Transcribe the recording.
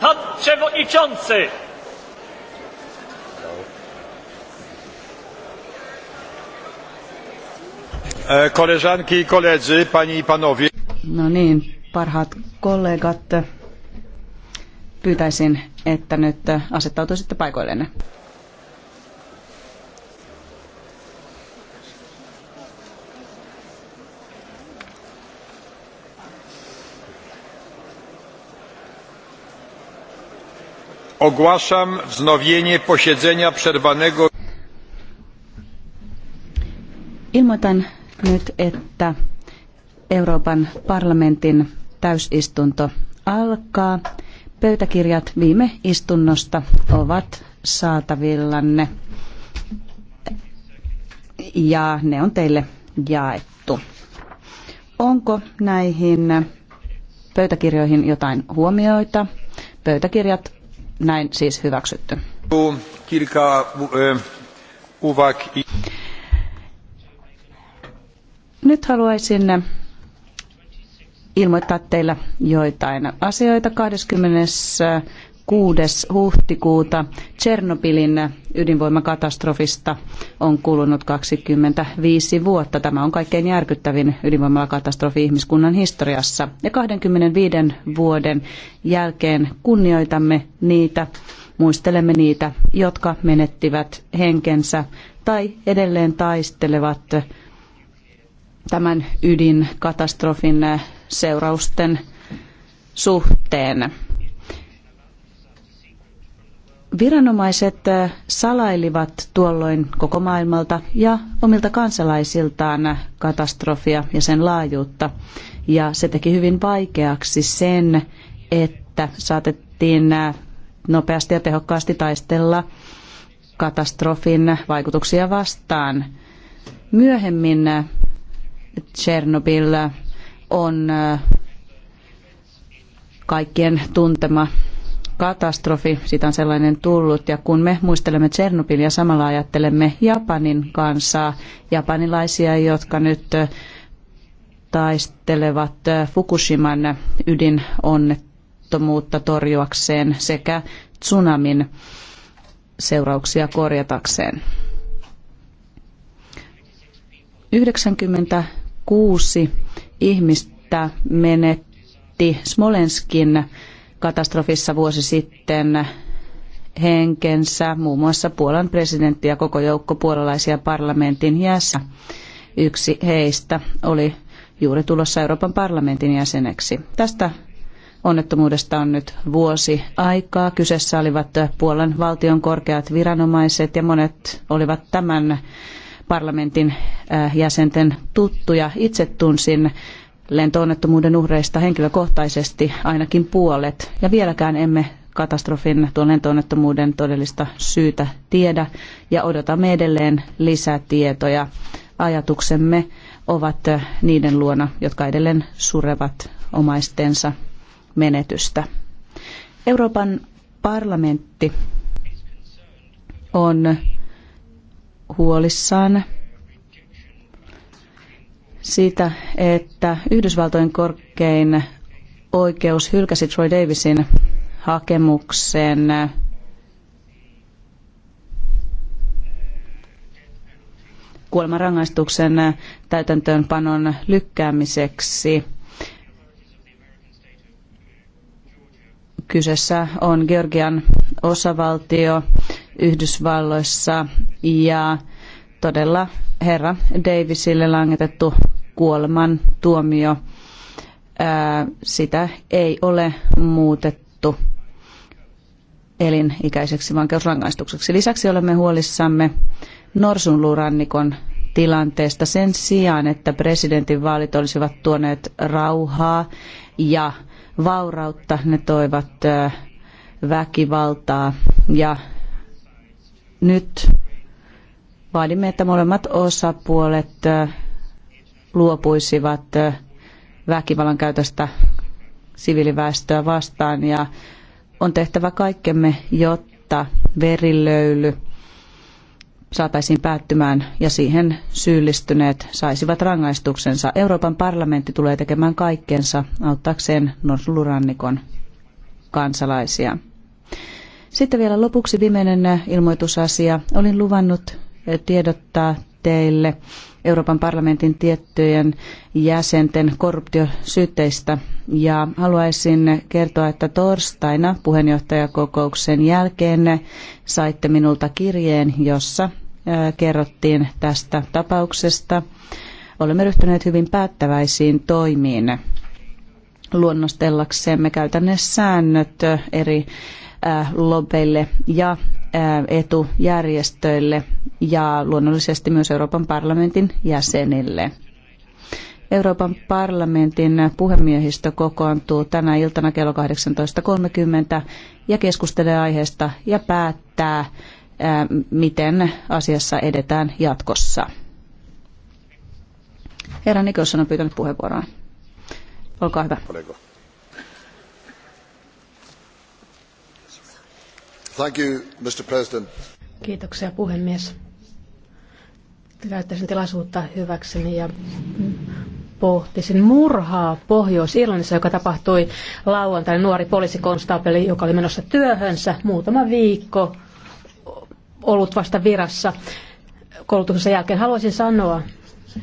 Pan Przewodniczący! E, koleżanki i koledzy, panie i panowie. No niin, parhaat kollegat, pyytäisin, että nyt asettautuisitte paikoillenne. Ogłaszam wznowienie posiedzenia przerwanego. Ilmoitan nyt, että Euroopan parlamentin täysistunto alkaa. Pöytäkirjat viime istunnosta ovat saatavillanne ja ne on teille jaettu. Onko näihin pöytäkirjoihin jotain huomioita? Pöytäkirjat näin siis hyväksytty. E, Nyt haluaisin ilmoittaa teille joitain asioita. 26. 6. huhtikuuta Tsernobylin ydinvoimakatastrofista on kulunut 25 vuotta. Tämä on kaikkein järkyttävin ydinvoimalakatastrofi ihmiskunnan historiassa. Ja 25 vuoden jälkeen kunnioitamme niitä, muistelemme niitä, jotka menettivät henkensä tai edelleen taistelevat tämän ydinkatastrofin seurausten suhteen. Viranomaiset salailivat tuolloin koko maailmalta ja omilta kansalaisiltaan katastrofia ja sen laajuutta. Ja se teki hyvin vaikeaksi sen, että saatettiin nopeasti ja tehokkaasti taistella katastrofin vaikutuksia vastaan. Myöhemmin Chernobyl on kaikkien tuntema katastrofi, siitä on sellainen tullut. Ja kun me muistelemme Tsernobylia, samalla ajattelemme Japanin kansaa, japanilaisia, jotka nyt taistelevat Fukushiman ydinonnettomuutta torjuakseen sekä tsunamin seurauksia korjatakseen. 96 ihmistä menetti Smolenskin katastrofissa vuosi sitten henkensä muun muassa Puolan presidentti ja koko joukko puolalaisia parlamentin jässä. Yksi heistä oli juuri tulossa Euroopan parlamentin jäseneksi. Tästä onnettomuudesta on nyt vuosi aikaa. Kyseessä olivat Puolan valtion korkeat viranomaiset ja monet olivat tämän parlamentin äh, jäsenten tuttuja. Itse tunsin lentoonnettomuuden uhreista henkilökohtaisesti ainakin puolet. Ja vieläkään emme katastrofin tuon lentoonnettomuuden todellista syytä tiedä ja odotamme edelleen lisätietoja. Ajatuksemme ovat niiden luona, jotka edelleen surevat omaistensa menetystä. Euroopan parlamentti on huolissaan siitä, että Yhdysvaltojen korkein oikeus hylkäsi Troy Davisin hakemuksen kuolemanrangaistuksen täytäntöönpanon lykkäämiseksi. Kyseessä on Georgian osavaltio Yhdysvalloissa ja todella herra Davisille langetettu kuoleman tuomio, sitä ei ole muutettu elinikäiseksi vankeusrangaistukseksi. Lisäksi olemme huolissamme norsunluurannikon tilanteesta sen sijaan, että presidentin vaalit olisivat tuoneet rauhaa ja vaurautta. Ne toivat väkivaltaa ja nyt vaadimme, että molemmat osapuolet luopuisivat äh, väkivallan käytöstä siviiliväestöä vastaan ja on tehtävä kaikkemme, jotta verilöyly saataisiin päättymään ja siihen syyllistyneet saisivat rangaistuksensa. Euroopan parlamentti tulee tekemään kaikkensa auttaakseen Norsulurannikon kansalaisia. Sitten vielä lopuksi viimeinen ilmoitusasia. Olin luvannut tiedottaa teille Euroopan parlamentin tiettyjen jäsenten korruptiosyytteistä. Ja haluaisin kertoa, että torstaina puheenjohtajakokouksen jälkeen saitte minulta kirjeen, jossa kerrottiin tästä tapauksesta. Olemme ryhtyneet hyvin päättäväisiin toimiin luonnostellaksemme säännöt eri lobeille ja etujärjestöille ja luonnollisesti myös Euroopan parlamentin jäsenille. Euroopan parlamentin puhemiehistö kokoontuu tänä iltana kello 18.30 ja keskustelee aiheesta ja päättää, miten asiassa edetään jatkossa. Herra Nikos on pyytänyt puheenvuoroa. Olkaa hyvä. arvoisa puhemies. Käyttäisin tilaisuutta hyväkseni ja pohtisin murhaa Pohjois-Irlannissa, joka tapahtui lauantaina nuori poliisikonstaapeli, joka oli menossa työhönsä muutama viikko ollut vasta virassa koulutuksensa jälkeen. Haluaisin sanoa,